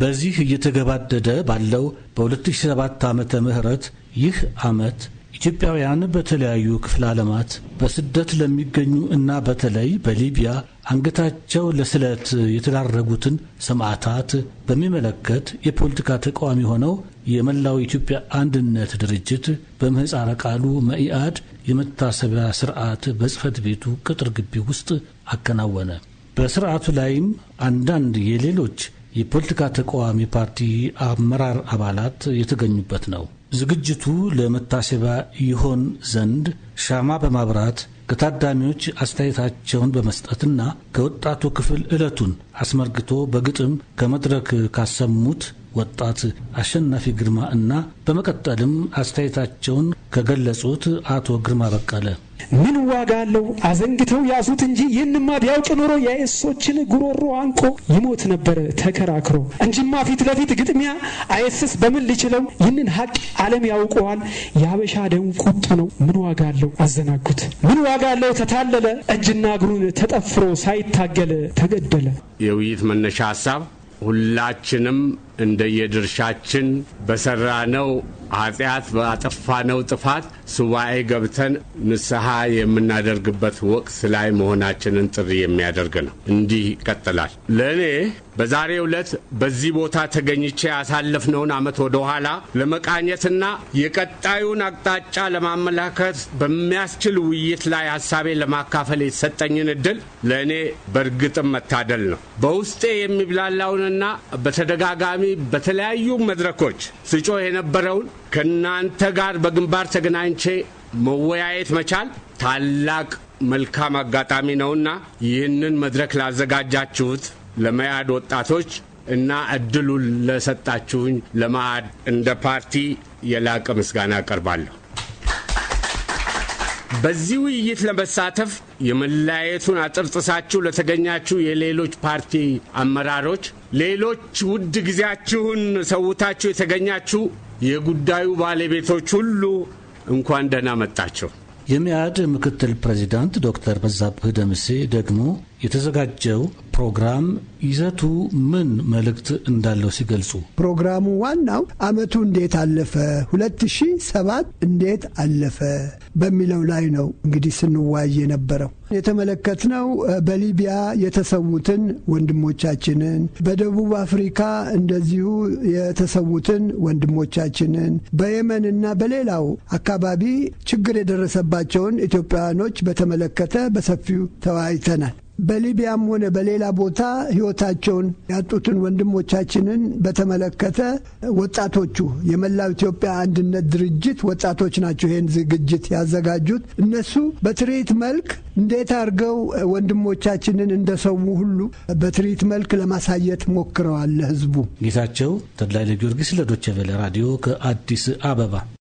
በዚህ እየተገባደደ ባለው በ2007 ዓመተ ምህረት ይህ ዓመት ኢትዮጵያውያን በተለያዩ ክፍለ ዓለማት በስደት ለሚገኙ እና በተለይ በሊቢያ አንገታቸው ለስለት የተዳረጉትን ሰማዕታት በሚመለከት የፖለቲካ ተቃዋሚ ሆነው የመላው ኢትዮጵያ አንድነት ድርጅት በምህፃረ ቃሉ መኢአድ የመታሰቢያ ስርዓት በጽህፈት ቤቱ ቅጥር ግቢ ውስጥ አከናወነ። በስርዓቱ ላይም አንዳንድ የሌሎች የፖለቲካ ተቃዋሚ ፓርቲ አመራር አባላት የተገኙበት ነው። ዝግጅቱ ለመታሰቢያ ይሆን ዘንድ ሻማ በማብራት ከታዳሚዎች አስተያየታቸውን በመስጠትና ከወጣቱ ክፍል ዕለቱን አስመልክቶ በግጥም ከመድረክ ካሰሙት ወጣት አሸናፊ ግርማ እና በመቀጠልም አስተያየታቸውን ከገለጹት አቶ ግርማ በቀለ ምን ዋጋ አለው? አዘንግተው ያዙት እንጂ ይህንማ ቢያውቅ ኖሮ የአይሶችን ጉሮሮ አንቆ ይሞት ነበር ተከራክሮ እንጂማ ፊት ለፊት ግጥሚያ አይስስ በምን ሊችለው? ይህንን ሀቅ ዓለም ያውቀዋል። የአበሻ ደም ቁጡ ነው። ምን ዋጋ አለው? አዘናጉት። ምን ዋጋ አለው? ተታለለ፣ እጅና እግሩን ተጠፍሮ ሳይታገል ተገደለ። የውይይት መነሻ ሀሳብ ሁላችንም እንደየድርሻችን በሰራነው ኃጢአት ባጠፋነው ጥፋት ሱባኤ ገብተን ንስሐ የምናደርግበት ወቅት ላይ መሆናችንን ጥሪ የሚያደርግ ነው። እንዲህ ይቀጥላል። ለእኔ በዛሬ ዕለት በዚህ ቦታ ተገኝቼ ያሳለፍነውን ዓመት ወደ ኋላ ለመቃኘትና የቀጣዩን አቅጣጫ ለማመላከት በሚያስችል ውይይት ላይ ሀሳቤ ለማካፈል የተሰጠኝን እድል ለእኔ በእርግጥም መታደል ነው። በውስጤ የሚብላላውንና በተደጋጋሚ በተደጋጋሚ በተለያዩ መድረኮች ስጮ የነበረውን ከእናንተ ጋር በግንባር ተገናኝቼ መወያየት መቻል ታላቅ መልካም አጋጣሚ ነውና ይህንን መድረክ ላዘጋጃችሁት ለመያድ ወጣቶች እና እድሉን ለሰጣችሁኝ ለማዕድ እንደ ፓርቲ የላቀ ምስጋና አቀርባለሁ። በዚህ ውይይት ለመሳተፍ የመለያየቱን አጥር ጥሳችሁ ለተገኛችሁ የሌሎች ፓርቲ አመራሮች፣ ሌሎች ውድ ጊዜያችሁን ሰውታችሁ የተገኛችሁ የጉዳዩ ባለቤቶች ሁሉ እንኳን ደህና መጣችሁ። የሚያድ ምክትል ፕሬዚዳንት ዶክተር በዛብህ ደምሴ ደግሞ የተዘጋጀው ፕሮግራም ይዘቱ ምን መልእክት እንዳለው ሲገልጹ ፕሮግራሙ ዋናው አመቱ እንዴት አለፈ 2007 እንዴት አለፈ በሚለው ላይ ነው። እንግዲህ ስንዋይ የነበረው የተመለከትነው በሊቢያ የተሰዉትን ወንድሞቻችንን፣ በደቡብ አፍሪካ እንደዚሁ የተሰዉትን ወንድሞቻችንን፣ በየመን እና በሌላው አካባቢ ችግር የደረሰባቸውን ኢትዮጵያውያኖች በተመለከተ በሰፊው ተወያይተናል። በሊቢያም ሆነ በሌላ ቦታ ሕይወታቸውን ያጡትን ወንድሞቻችንን በተመለከተ ወጣቶቹ የመላው ኢትዮጵያ አንድነት ድርጅት ወጣቶች ናቸው ይህን ዝግጅት ያዘጋጁት። እነሱ በትርኢት መልክ እንዴት አድርገው ወንድሞቻችንን እንደ ሁሉ በትርኢት መልክ ለማሳየት ሞክረዋል። ለሕዝቡ ጌታቸው ተድላይ ለጊዮርጊስ ለዶቸቬለ ራዲዮ ከአዲስ አበባ